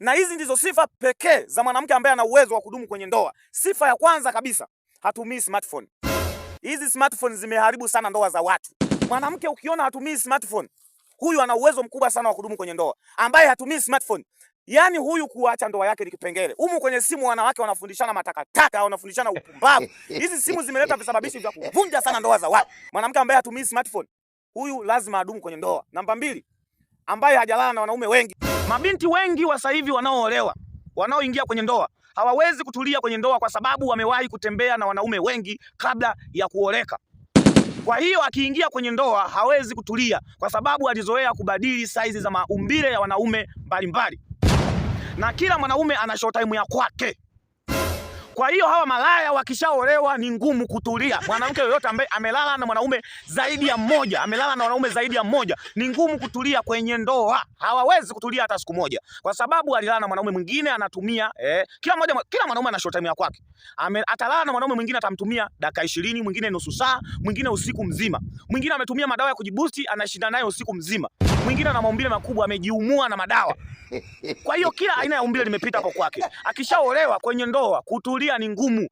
Na hizi ndizo sifa pekee za mwanamke ambaye ana uwezo wa kudumu kwenye ndoa. Sifa ya kwanza kabisa, hatumii smartphone. Hizi smartphone zimeharibu sana ndoa za watu. Mwanamke ukiona hatumii smartphone, huyu ana uwezo mkubwa sana wa kudumu kwenye ndoa. Ambaye hatumii smartphone, yaani huyu kuacha ndoa yake ni kipengele. Humu kwenye simu wanawake wanafundishana matakataka, wanafundishana upumbavu. Hizi simu zimeleta visababishi vya kuvunja sana ndoa za watu. Mwanamke ambaye hatumii smartphone, huyu lazima adumu kwenye ndoa. Namba mbili, ambaye hajalala na wanaume wengi. Mabinti wengi wa sasa hivi wanaoolewa, wanaoingia kwenye ndoa hawawezi kutulia kwenye ndoa kwa sababu wamewahi kutembea na wanaume wengi kabla ya kuoleka. Kwa hiyo akiingia kwenye ndoa hawezi kutulia kwa sababu alizoea kubadili saizi za maumbile ya wanaume mbalimbali, na kila mwanaume ana time ya kwake. Kwa hiyo hawa malaya wakishaolewa ni ngumu kutulia. Mwanamke yoyote ambaye amelala na mwanaume zaidi ya mmoja, amelala na wanaume zaidi ya mmoja, ni ngumu kutulia kwenye ndoa. Hawawezi kutulia hata siku moja, kwa sababu alilala na mwanaume mwingine anatumia eh, kila mmoja, kila mwanaume ana short time ya kwake. Atalala na mwanaume mwingine atamtumia dakika ishirini, mwingine nusu saa, mwingine usiku mzima, mwingine ametumia madawa ya kujibusti, anashinda naye usiku mzima mwingine ana maumbile makubwa, amejiumua na madawa. Kwa hiyo kila aina ya umbile limepita kwa kwake. Akishaolewa kwenye ndoa, kutulia ni ngumu,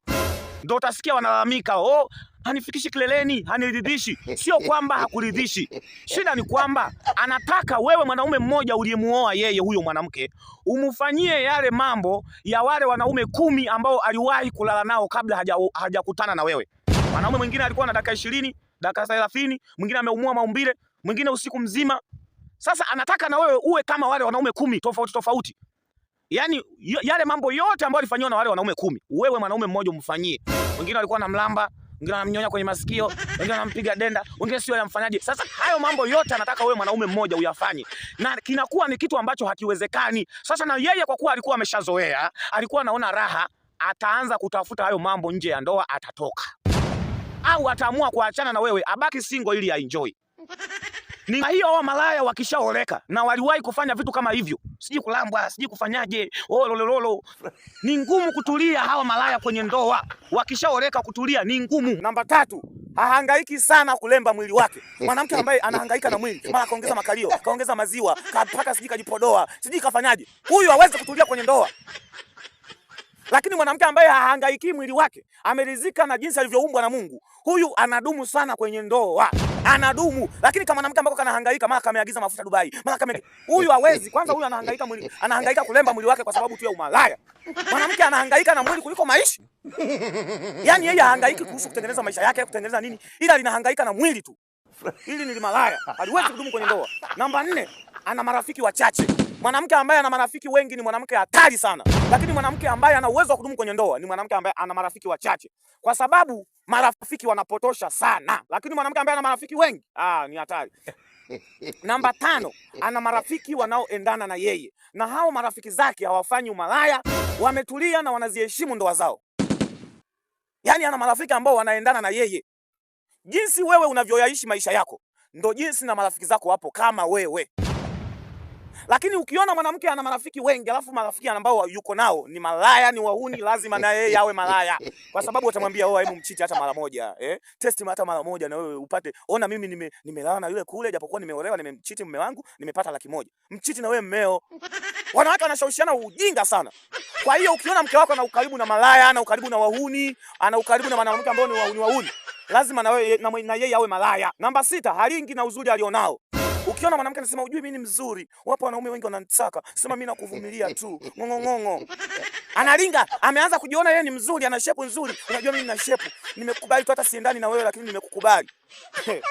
ndo utasikia wanalalamika oh, hanifikishi kileleni, haniridhishi. Sio kwamba hakuridhishi, shida ni kwamba anataka wewe mwanaume mmoja uliyemuoa yeye huyo mwanamke umfanyie yale mambo ya wale wanaume kumi ambao aliwahi kulala nao kabla hajakutana haja na wewe. Mwanaume mwingine alikuwa na dakika ishirini, dakika thelathini, mwingine ameumua maumbile, mwingine usiku mzima, sasa anataka na wewe uwe kama wale wanaume kumi tofauti tofauti, yaani yale mambo yote ambayo alifanyiwa na wale wanaume kumi, wewe mwanaume mmoja umfanyie. Wengine walikuwa namlamba, wengine wanamnyonya kwenye masikio, wengine wanampiga denda, wengine sio yamfanyaje. Sasa hayo mambo yote anataka wewe mwanaume mmoja uyafanye, na kinakuwa ni kitu ambacho hakiwezekani. Sasa na yeye kwa kuwa alikuwa ameshazoea, alikuwa anaona raha, ataanza kutafuta hayo mambo nje ya ndoa, atatoka au ataamua kuachana na wewe, abaki single ili aenjoy. Ni hiyo wa malaya wakishaoleka na waliwahi kufanya vitu kama hivyo, sijui kulambwa, sijui kufanyaje, oh lolololo. Ni ngumu kutulia hawa malaya kwenye ndoa, wakishaoleka kutulia ni ngumu. Namba tatu, hahangaiki sana kulemba mwili wake. Mwanamke ambaye anahangaika na mwili, mara kaongeza makalio, kaongeza maziwa, kapaka sijui kajipodoa, sijui kafanyaje, huyu hawezi kutulia kwenye ndoa. Lakini mwanamke ambaye hahangaiki mwili wake, ameridhika na jinsi alivyoumbwa na Mungu, huyu anadumu sana kwenye ndoa anadumu. Lakini kama mwanamke ambako kanahangaika, mara kameagiza mafuta Dubai, mara kame huyu hawezi. Kwanza huyu anahangaika mwili, anahangaika kulemba mwili wake kwa sababu tu ya umalaya. Mwanamke anahangaika na mwili kuliko maisha. Yaani yeye hahangaiki kuhusu kutengeneza maisha yake, kutengeneza nini, ila linahangaika na mwili tu. Hili ni malaya, haliwezi kudumu kwenye ndoa. Namba nne, ana marafiki wachache. Mwanamke ambaye ana marafiki wengi ni mwanamke hatari sana, lakini mwanamke ambaye ana uwezo wa kudumu kwenye ndoa ni mwanamke ambaye ana marafiki wachache, kwa sababu marafiki wanapotosha sana, lakini mwanamke ambaye ana marafiki wengi ah, ni hatari. Namba tano, ana marafiki wanaoendana na yeye, na hao marafiki zake hawafanyi umalaya, wametulia na wanaziheshimu ndoa zao. Yaani ana marafiki ambao wanaendana na yeye, jinsi wewe unavyoyaishi maisha yako ndo jinsi na marafiki zako wapo kama wewe. Lakini ukiona mwanamke ana marafiki wengi alafu marafiki ambao yuko nao ni malaya, ni wahuni, lazima na yeye awe malaya, kwa sababu utamwambia wewe, oh, hebu mchiti hata mara moja eh, test hata mara moja, na wewe upate ona, mimi nime na yule kule, japokuwa nimeolewa, nimemchiti mume wangu, nimepata laki moja. Mchiti na wewe mmeo. Wanawake wanashawishiana ujinga sana. Kwa hiyo ukiona mke wako ana ukaribu na malaya, ana ukaribu na wahuni, ana ukaribu na mwanamke ambao ni wahuni wahuni, lazima na wewe na yeye awe malaya. Namba sita, halingi na uzuri alionao. Ukiona mwanamke anasema ujui mimi ni mzuri, wapo wanaume wengi wananitaka, sema mimi nakuvumilia tu, ngongong'ongo. Analinga, ameanza kujiona yeye ni mzuri, ana shepu nzuri. Unajua mimi nina shepu, nimekubali tu, hata siendani na wewe, lakini nimekukubali.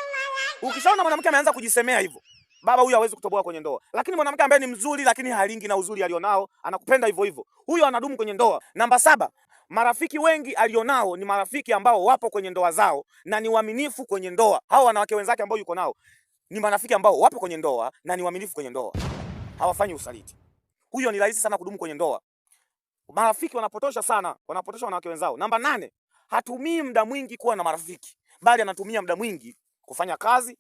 Ukishaona mwanamke ameanza kujisemea hivyo, baba huyu hawezi kutoboa kwenye ndoa. Lakini mwanamke ambaye ni mzuri, lakini halingi na uzuri alionao, anakupenda hivyo hivyo, huyo anadumu kwenye ndoa. Namba saba, marafiki wengi alionao ni marafiki ambao wapo kwenye ndoa zao na ni waaminifu kwenye ndoa. Hao wanawake wenzake ambao yuko nao ni marafiki ambao wapo kwenye ndoa na ni waaminifu kwenye ndoa, hawafanyi usaliti. Huyo ni rahisi sana kudumu kwenye ndoa. Marafiki wanapotosha sana, wanapotosha wanawake wenzao. Namba nane, hatumii muda mwingi kuwa na marafiki, bali anatumia muda mwingi kufanya kazi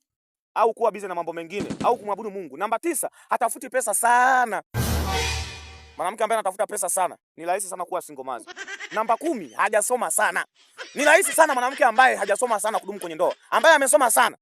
au kuwa bize na mambo mengine au kumwabudu Mungu. Namba tisa, hatafuti pesa sana. Mwanamke ambaye anatafuta pesa sana ni rahisi sana kuwa singomazi. Namba kumi, hajasoma sana. Ni rahisi sana mwanamke ambaye hajasoma sana kudumu kwenye ndoa. Ambaye amesoma sana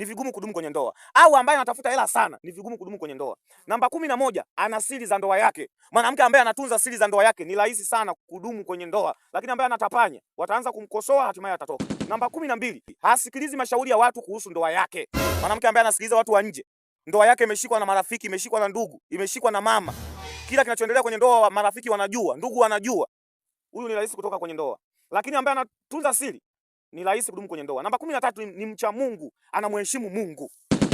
ni vigumu kudumu kwenye ndoa, au ambaye anatafuta hela sana, ni vigumu kudumu kwenye ndoa. Namba kumi na moja, ana siri za ndoa yake. Mwanamke ambaye anatunza siri za ndoa yake ni rahisi sana kudumu kwenye ndoa, lakini ambaye anatapanya, wataanza kumkosoa, hatimaye atatoka. Namba kumi na mbili, hasikilizi mashauri ya watu kuhusu ndoa yake. Mwanamke ambaye anasikiliza watu wa nje, ndoa yake imeshikwa na marafiki, imeshikwa na ndugu, imeshikwa na mama, kila kinachoendelea kwenye ndoa marafiki wanajua, ndugu wanajua, huyu ni rahisi kutoka kwenye ndoa. Lakini ambaye anatunza siri ni rahisi kudumu kwenye ndoa. Namba kumi na tatu ni mcha Mungu, anamheshimu Mungu.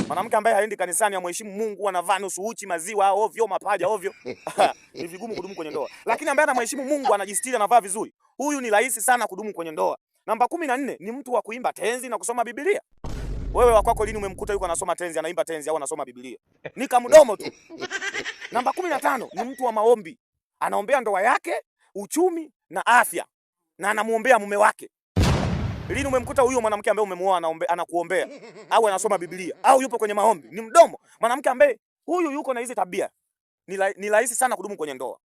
Mwanamke ambaye haendi kanisani amheshimu Mungu, anavaa nusu uchi, maziwa ovyo, mapaja ovyo ni vigumu kudumu kwenye ndoa. Lakini ambaye anamheshimu Mungu, anajistiri, anavaa vizuri, huyu ni rahisi sana kudumu kwenye ndoa. Namba kumi na nne ni mtu wa kuimba tenzi na kusoma Biblia. Wewe wa kwako lini umemkuta yuko anasoma tenzi, anaimba tenzi au anasoma Biblia? Ni kamdomo tu. Namba kumi na tano ni mtu wa maombi, anaombea ndoa yake, uchumi na afya, na anamuombea mume wake. Lini umemkuta huyo mwanamke ambaye umemuoa anakuombea au anasoma Biblia au yupo kwenye maombi? Ni mdomo. Mwanamke ambaye huyu yuko na hizi tabia ni rahisi sana kudumu kwenye ndoa.